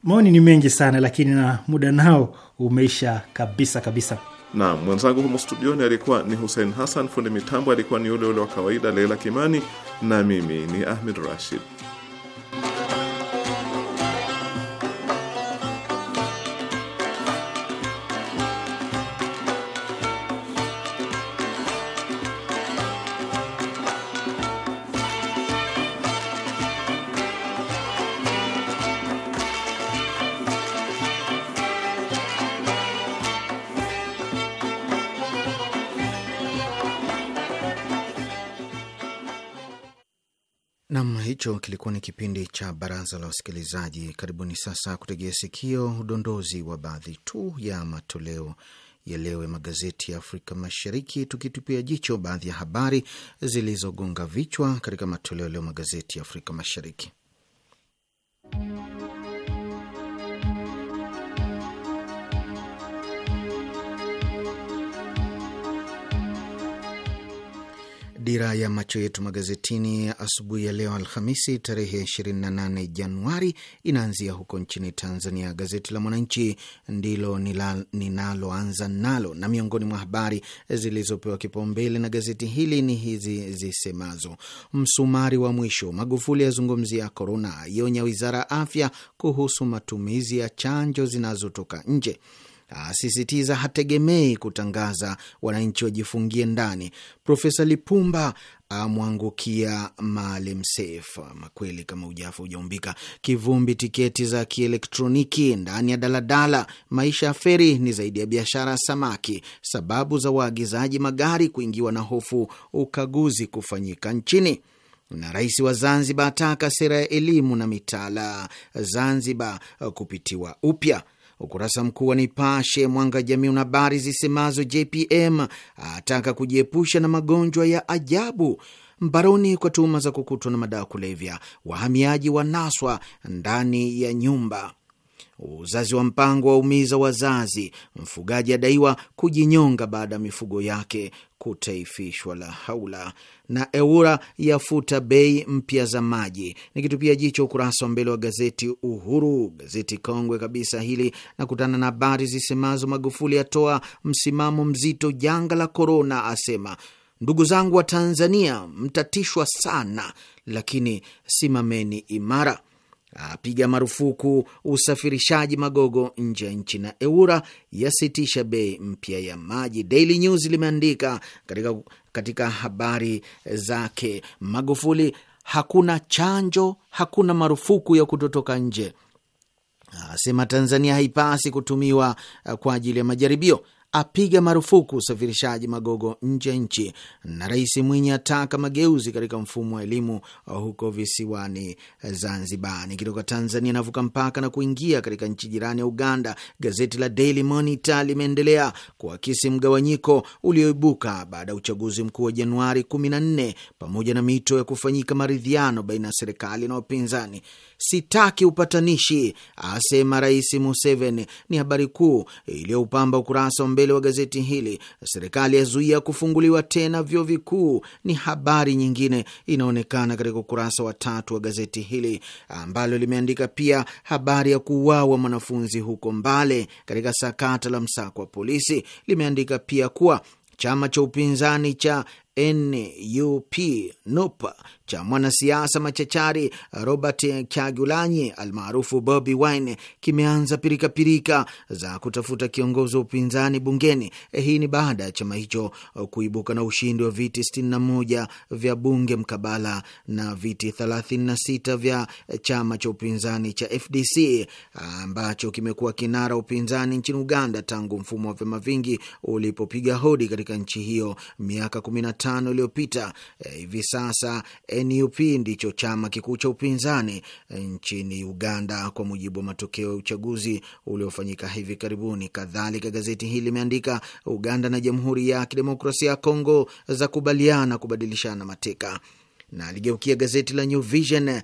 Maoni ni mengi sana lakini na muda nao umeisha kabisa kabisa. Naam, mwenzangu humo studioni alikuwa ni Hussein Hassan, fundi mitambo alikuwa ni yule ule wa kawaida Leila Kimani, na mimi ni Ahmed Rashid. hicho kilikuwa ni kipindi cha baraza la wasikilizaji. Karibuni sasa kutegea sikio udondozi wa baadhi tu ya matoleo ya leo ya magazeti ya Afrika Mashariki, tukitupia jicho baadhi ya habari zilizogonga vichwa katika matoleo leo magazeti ya Afrika Mashariki. dira ya macho yetu magazetini asubuhi ya leo Alhamisi tarehe 28 Januari inaanzia huko nchini Tanzania. Gazeti la Mwananchi ndilo ninaloanza nalo, na miongoni mwa habari zilizopewa kipaumbele na gazeti hili ni hizi zisemazo: msumari wa mwisho, Magufuli yazungumzia korona, aionya wizara ya afya kuhusu matumizi ya chanjo zinazotoka nje asisitiza hategemei kutangaza wananchi wajifungie ndani. Profesa Lipumba amwangukia Maalim Seif. Makweli kama ujafu ujaumbika. Kivumbi tiketi za kielektroniki ndani ya daladala. Maisha ya feri ni zaidi ya biashara ya samaki. Sababu za waagizaji magari kuingiwa na hofu ukaguzi kufanyika nchini na rais wa Zanzibar ataka sera ya elimu na mitaala Zanzibar kupitiwa upya. Ukurasa mkuu wa Nipashe Mwanga Jamii una habari zisemazo JPM ataka kujiepusha na magonjwa ya ajabu, mbaroni kwa tuhuma za kukutwa na madawa kulevya, wahamiaji wanaswa ndani ya nyumba Uzazi wa mpango waumiza wazazi. Mfugaji adaiwa kujinyonga baada ya mifugo yake kutaifishwa. La haula! Na EWURA yafuta bei mpya za maji. ni pia jicho ukurasa wa mbele wa gazeti Uhuru, gazeti kongwe kabisa hili, na kutana na habari zisemazo: Magufuli atoa msimamo mzito janga la korona, asema ndugu zangu wa Tanzania mtatishwa sana, lakini simameni imara apiga marufuku usafirishaji magogo nje ya nchi, na EWURA yasitisha bei mpya ya maji. Daily News limeandika katika, katika habari zake, Magufuli hakuna chanjo, hakuna marufuku ya kutotoka nje, asema Tanzania haipasi kutumiwa uh, kwa ajili ya majaribio apiga marufuku usafirishaji magogo nje ya nchi, na Rais Mwinyi ataka mageuzi katika mfumo wa elimu huko visiwani Zanzibar. Nikitoka Tanzania navuka mpaka na kuingia katika nchi jirani ya Uganda. Gazeti la Daily Monitor limeendelea kuakisi mgawanyiko ulioibuka baada ya uchaguzi mkuu wa Januari 14 pamoja na mito ya kufanyika maridhiano baina ya serikali na wapinzani sitaki upatanishi, asema Rais Museveni, ni habari kuu iliyoupamba ukurasa wa mbele wa gazeti hili. Serikali yazuia kufunguliwa tena vyuo vikuu, ni habari nyingine inaonekana katika ukurasa wa tatu wa gazeti hili, ambalo limeandika pia habari ya kuuawa mwanafunzi huko Mbale katika sakata la msako wa polisi. Limeandika pia kuwa chama cha upinzani cha NUP NUP cha mwanasiasa machachari Robert Kyagulanyi almaarufu Bobi Wine kimeanza pirikapirika pirika za kutafuta kiongozi wa upinzani bungeni. Eh, hii ni baada ya chama hicho kuibuka na ushindi wa viti 61 vya bunge mkabala na viti 36 vya chama cha upinzani cha FDC ambacho kimekuwa kinara upinzani nchini Uganda tangu mfumo wa vyama vingi ulipopiga hodi katika nchi hiyo miaka 15 iliyopita. Eh, hivi sasa NUP ndicho chama kikuu cha upinzani eh, nchini Uganda kwa mujibu wa matokeo ya uchaguzi uliofanyika hivi karibuni. Kadhalika, gazeti hili limeandika Uganda na Jamhuri ya Kidemokrasia ya Kongo za kubaliana kubadilishana mateka na aligeukia gazeti la New Vision ah,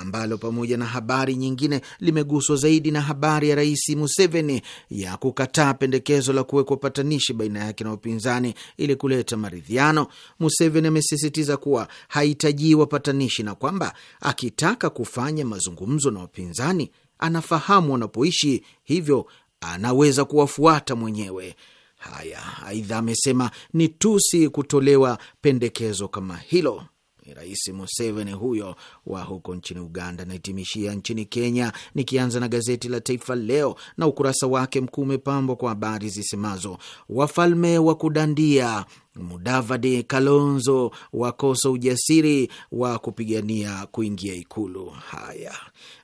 ambalo pamoja na habari nyingine limeguswa zaidi na habari ya Rais Museveni ya kukataa pendekezo la kuwekwa patanishi baina yake na upinzani ili kuleta maridhiano. Museveni amesisitiza kuwa hahitajii wapatanishi na kwamba akitaka kufanya mazungumzo na wapinzani anafahamu wanapoishi, hivyo anaweza kuwafuata mwenyewe. Haya, aidha amesema ni tusi kutolewa pendekezo kama hilo. Rais Museveni huyo wa huko nchini Uganda. Nahitimishia nchini Kenya, nikianza na gazeti la Taifa Leo na ukurasa wake mkuu umepambwa kwa habari zisemazo wafalme wa kudandia Mudavadi Kalonzo wakosa ujasiri wa kupigania kuingia Ikulu. Haya,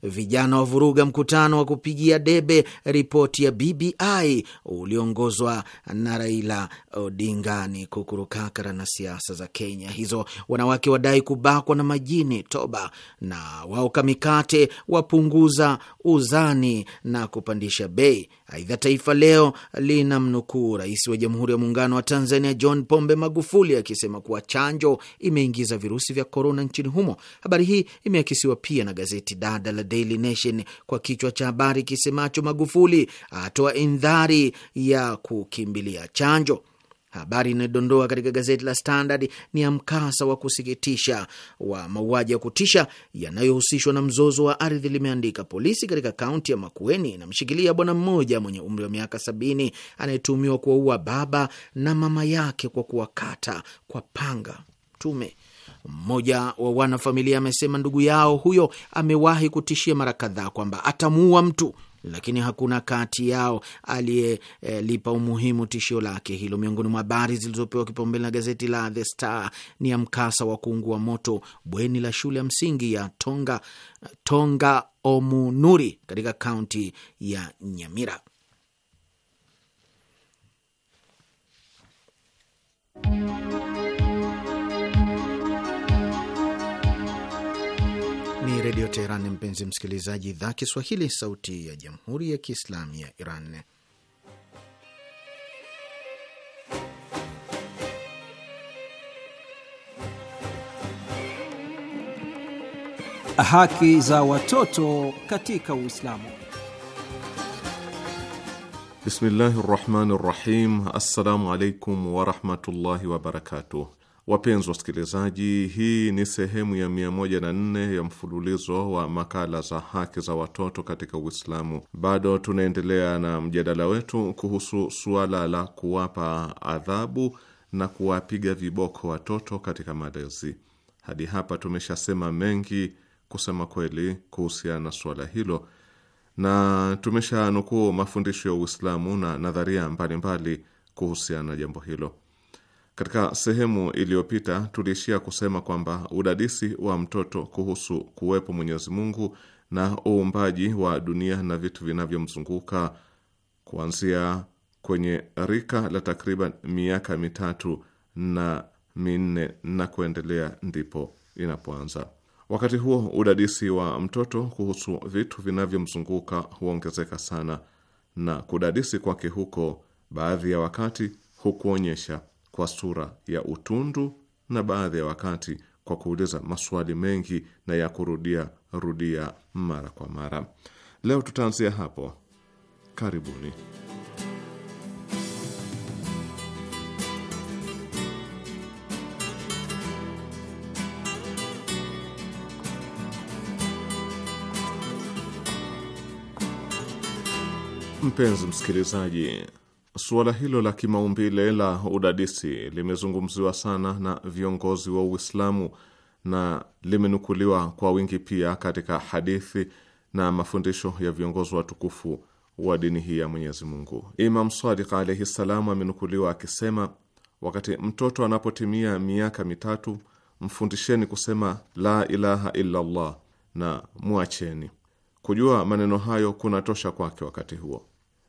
vijana wavuruga mkutano wa kupigia debe ripoti ya BBI ulioongozwa na Raila Odinga. Ni kukurukakara na siasa za Kenya hizo. Wanawake wadai kubakwa na majini toba, na waoka mikate wapunguza uzani na kupandisha bei Aidha, Taifa Leo lina mnukuu rais wa Jamhuri ya Muungano wa Tanzania John Pombe Magufuli akisema kuwa chanjo imeingiza virusi vya korona nchini humo. Habari hii imeakisiwa pia na gazeti dada la Daily Nation kwa kichwa cha habari kisemacho Magufuli atoa indhari ya kukimbilia chanjo. Habari inayodondoa katika gazeti la Standard ni ya mkasa wa kusikitisha wa mauaji ya kutisha yanayohusishwa na mzozo wa ardhi, limeandika. Polisi katika kaunti ya Makueni inamshikilia bwana mmoja mwenye umri wa miaka sabini anayetuhumiwa kuwaua baba na mama yake kwa kuwakata kwa panga. Tume mmoja wa wanafamilia amesema ndugu yao huyo amewahi kutishia mara kadhaa kwamba atamuua mtu lakini hakuna kati yao aliyelipa umuhimu tishio lake hilo. Miongoni mwa habari zilizopewa kipaumbele na gazeti la The Star ni ya mkasa wa kuungua moto bweni la shule ya msingi ya Tonga, Tonga Omunuri katika kaunti ya Nyamira. Redio Teheran, mpenzi msikilizaji, idhaa Kiswahili, sauti ya jamhuri ya kiislamu ya Iran. Haki za watoto katika Uislamu. Bismillahi rahmani rahim. Assalamu alaikum warahmatullahi wabarakatuh. Wapenzi wasikilizaji, hii ni sehemu ya 104 ya mfululizo wa makala za haki za watoto katika Uislamu. Bado tunaendelea na mjadala wetu kuhusu suala la kuwapa adhabu na kuwapiga viboko watoto katika malezi. Hadi hapa tumeshasema mengi kusema kweli kuhusiana na suala hilo, na tumeshanukuu mafundisho ya Uislamu na nadharia mbalimbali kuhusiana na jambo hilo. Katika sehemu iliyopita tuliishia kusema kwamba udadisi wa mtoto kuhusu kuwepo Mwenyezi Mungu na uumbaji wa dunia na vitu vinavyomzunguka kuanzia kwenye rika la takriban miaka mitatu na minne na kuendelea ndipo inapoanza. Wakati huo udadisi wa mtoto kuhusu vitu vinavyomzunguka huongezeka sana, na kudadisi kwake huko baadhi ya wakati hukuonyesha kwa sura ya utundu na baadhi ya wakati kwa kuuliza maswali mengi na ya kurudia rudia mara kwa mara. Leo tutaanzia hapo. Karibuni. Mpenzi msikilizaji, Suala hilo la kimaumbile la udadisi limezungumziwa sana na viongozi wa Uislamu na limenukuliwa kwa wingi pia katika hadithi na mafundisho ya viongozi watukufu wa dini hii ya Mwenyezi Mungu. Imam Sadiq alaihi ssalam amenukuliwa akisema, wakati mtoto anapotimia miaka mitatu, mfundisheni kusema la ilaha illallah na mwacheni. Kujua maneno hayo kunatosha kwake wakati huo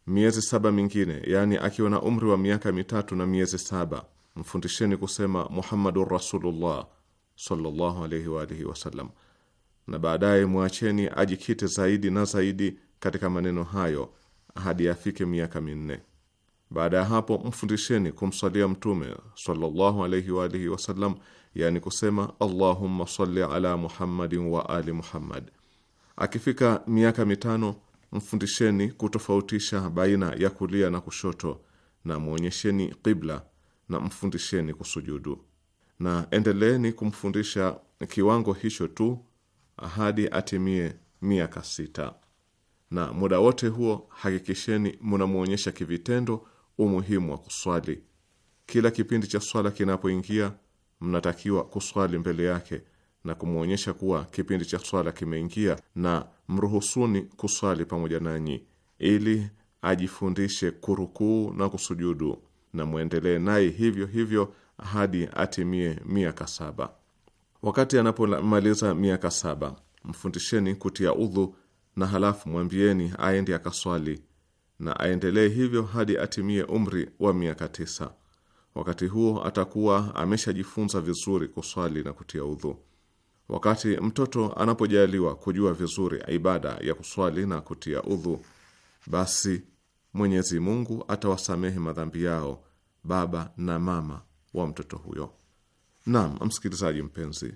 miezi saba mingine, yaani akiwa na umri wa miaka mitatu na miezi saba, mfundisheni kusema Muhammadun Rasulullah sallallahu alaihi wa alihi wasallam, na baadaye mwacheni ajikite zaidi na zaidi katika maneno hayo hadi afike miaka minne. Baada ya hapo mfundisheni kumswalia Mtume sallallahu alaihi wa alihi wasallam, yaani kusema Allahumma salli ala Muhammadin wa ali Muhammad. Akifika miaka mitano mfundisheni kutofautisha baina ya kulia na kushoto, na mwonyesheni qibla na mfundisheni kusujudu, na endeleeni kumfundisha kiwango hicho tu hadi atimie miaka sita, na muda wote huo hakikisheni munamwonyesha kivitendo umuhimu wa kuswali. Kila kipindi cha swala kinapoingia, mnatakiwa kuswali mbele yake na kumwonyesha kuwa kipindi cha swala kimeingia na mruhusuni kuswali pamoja nanyi ili ajifundishe kurukuu na kusujudu, na mwendelee naye hivyo hivyo hadi atimie miaka saba. Wakati anapomaliza miaka saba, mfundisheni kutia udhu na halafu mwambieni aende akaswali na aendelee hivyo hadi atimie umri wa miaka tisa. Wakati huo atakuwa ameshajifunza vizuri kuswali na kutia udhu. Wakati mtoto anapojaliwa kujua vizuri ibada ya kuswali na kutia udhu, basi Mwenyezi Mungu atawasamehe madhambi yao baba na mama wa mtoto huyo. Naam, msikilizaji mpenzi,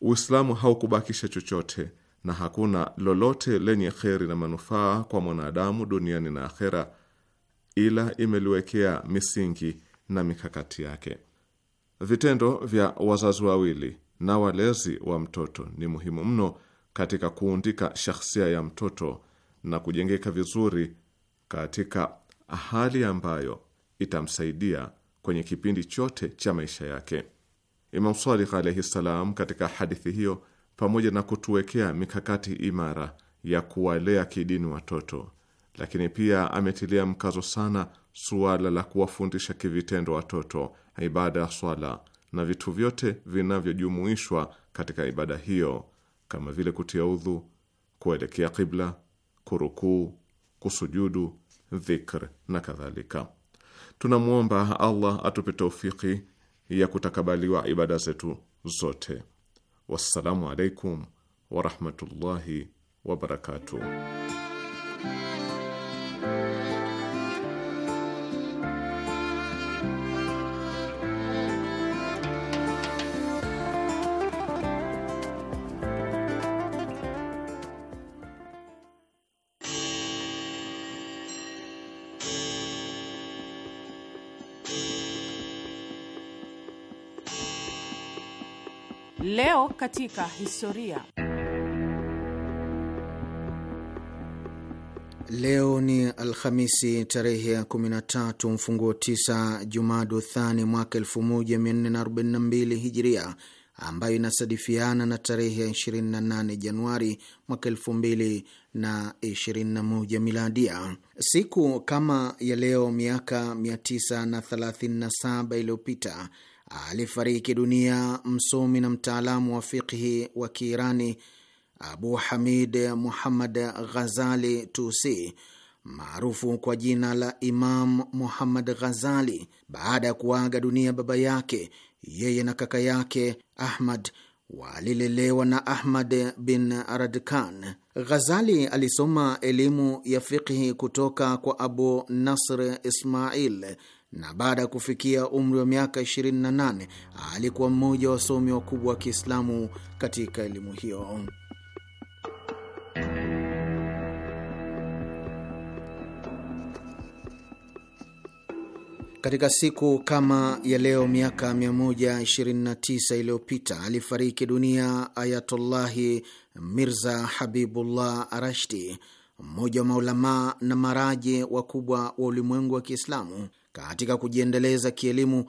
Uislamu haukubakisha chochote na hakuna lolote lenye kheri na manufaa kwa mwanadamu duniani na akhera, ila imeliwekea misingi na mikakati yake. Vitendo vya wazazi wawili na walezi wa mtoto ni muhimu mno katika kuundika shahsia ya mtoto na kujengeka vizuri katika hali ambayo itamsaidia kwenye kipindi chote cha maisha yake. Imam Sadiq alaihi ssalam, katika hadithi hiyo, pamoja na kutuwekea mikakati imara ya kuwalea kidini watoto, lakini pia ametilia mkazo sana suala la kuwafundisha kivitendo watoto ibada ya swala na vitu vyote vinavyojumuishwa katika ibada hiyo kama vile kutia udhu, kuelekea kibla, kurukuu, kusujudu, dhikr na kadhalika. Tunamwomba Allah atupe taufiki ya kutakabaliwa ibada zetu zote. Wassalamu alaikum warahmatullahi wabarakatuh. Leo katika historia. Leo ni Alhamisi tarehe ya 13 mfunguo 9 Jumada Thani mwaka 1442 Hijiria, ambayo inasadifiana na tarehe ya 28 Januari mwaka 2021 Miladia. Siku kama ya leo miaka 937 iliyopita alifariki dunia msomi na mtaalamu wa fiqhi wa Kiirani Abu Hamid Muhammad Ghazali Tusi, maarufu kwa jina la Imam Muhammad Ghazali. Baada ya kuaga dunia baba yake, yeye na kaka yake Ahmad walilelewa na Ahmad bin Radkan. Ghazali alisoma elimu ya fiqhi kutoka kwa Abu Nasr Ismail na baada ya kufikia umri wa miaka 28 alikuwa mmoja wa wasomi wakubwa wa Kiislamu katika elimu hiyo. Katika siku kama ya leo miaka 129 iliyopita alifariki dunia Ayatullahi Mirza Habibullah Arashti, mmoja wa maulamaa na maraji wakubwa wa ulimwengu wa Kiislamu. Katika kujiendeleza kielimu,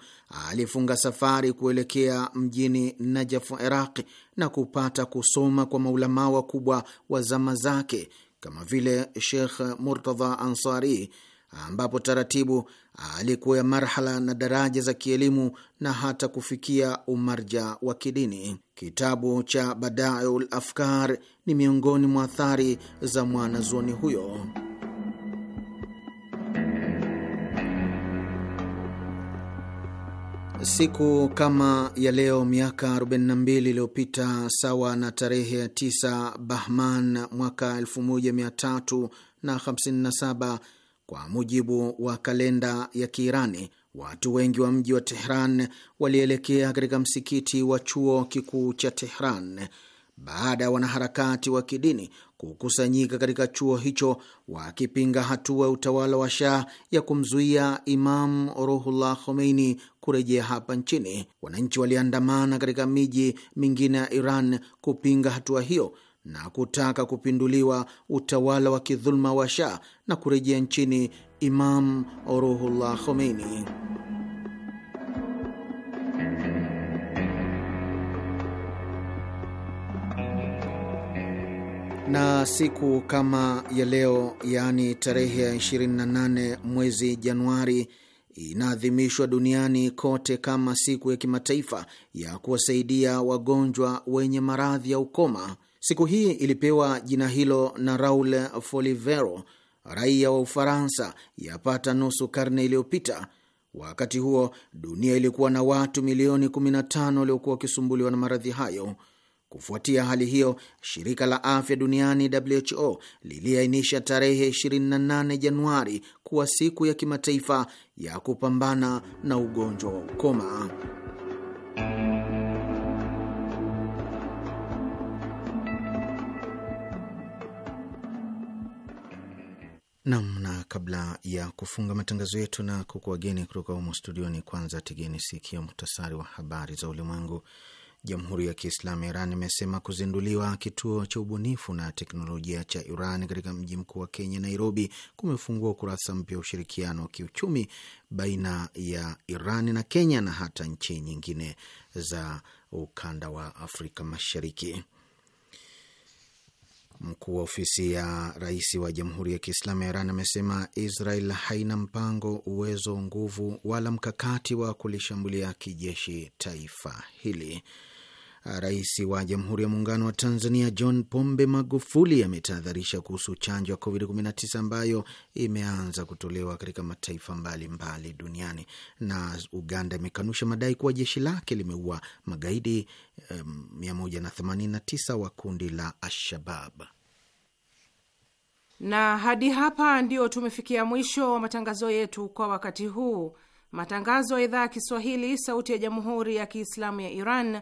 alifunga safari kuelekea mjini Najafu, Iraq, na kupata kusoma kwa maulamaa wakubwa wa zama zake kama vile Shekh Murtadha Ansari, ambapo taratibu alikuwa marhala na daraja za kielimu na hata kufikia umarja wa kidini. Kitabu cha badaul Afkar ni miongoni mwa athari za mwanazuoni huyo. Siku kama ya leo miaka 42 iliyopita, sawa na tarehe ya 9 Bahman mwaka 1357 kwa mujibu wa kalenda ya Kiirani, watu wengi wa mji wa Tehran walielekea katika msikiti wa chuo kikuu cha Tehran baada ya wanaharakati wa kidini kukusanyika katika chuo hicho wakipinga hatua ya utawala wa Shah ya kumzuia Imam Ruhullah Khomeini kurejea hapa nchini. Wananchi waliandamana katika miji mingine ya Iran kupinga hatua hiyo na kutaka kupinduliwa utawala wa kidhuluma wa Shah na kurejea nchini Imam Ruhullah Khomeini. na siku kama ya leo, yaani tarehe ya 28 mwezi Januari, inaadhimishwa duniani kote kama siku ya kimataifa ya kuwasaidia wagonjwa wenye maradhi ya ukoma. Siku hii ilipewa jina hilo na Raul Folivero, raia wa Ufaransa, yapata nusu karne iliyopita. Wakati huo dunia ilikuwa na watu milioni 15 waliokuwa wakisumbuliwa na maradhi hayo. Kufuatia hali hiyo, shirika la afya duniani WHO liliainisha tarehe 28 Januari kuwa siku ya kimataifa ya kupambana na ugonjwa wa ukoma. Namna kabla ya kufunga matangazo yetu na kukuwageni kutoka humo studioni, kwanza tigeni sikia muhtasari wa habari za ulimwengu. Jamhuri ya Kiislamu ya Iran imesema kuzinduliwa kituo cha ubunifu na teknolojia cha Iran katika mji mkuu wa Kenya, Nairobi, kumefungua ukurasa mpya wa ushirikiano wa kiuchumi baina ya Iran na Kenya na hata nchi nyingine za ukanda wa Afrika Mashariki. Mkuu wa ofisi ya rais wa Jamhuri ya Kiislamu ya Iran amesema Israel haina mpango, uwezo, nguvu wala mkakati wa kulishambulia kijeshi taifa hili. Uh, Rais wa Jamhuri ya Muungano wa Tanzania John Pombe Magufuli ametahadharisha kuhusu chanjo ya COVID-19 ambayo imeanza kutolewa katika mataifa mbalimbali mbali duniani. Na Uganda imekanusha madai kuwa jeshi lake limeua magaidi um, 189 wa kundi la Alshabab. Na hadi hapa ndio tumefikia mwisho wa matangazo yetu kwa wakati huu. Matangazo ya idhaa ya Kiswahili, Sauti ya Jamhuri ya Kiislamu ya Iran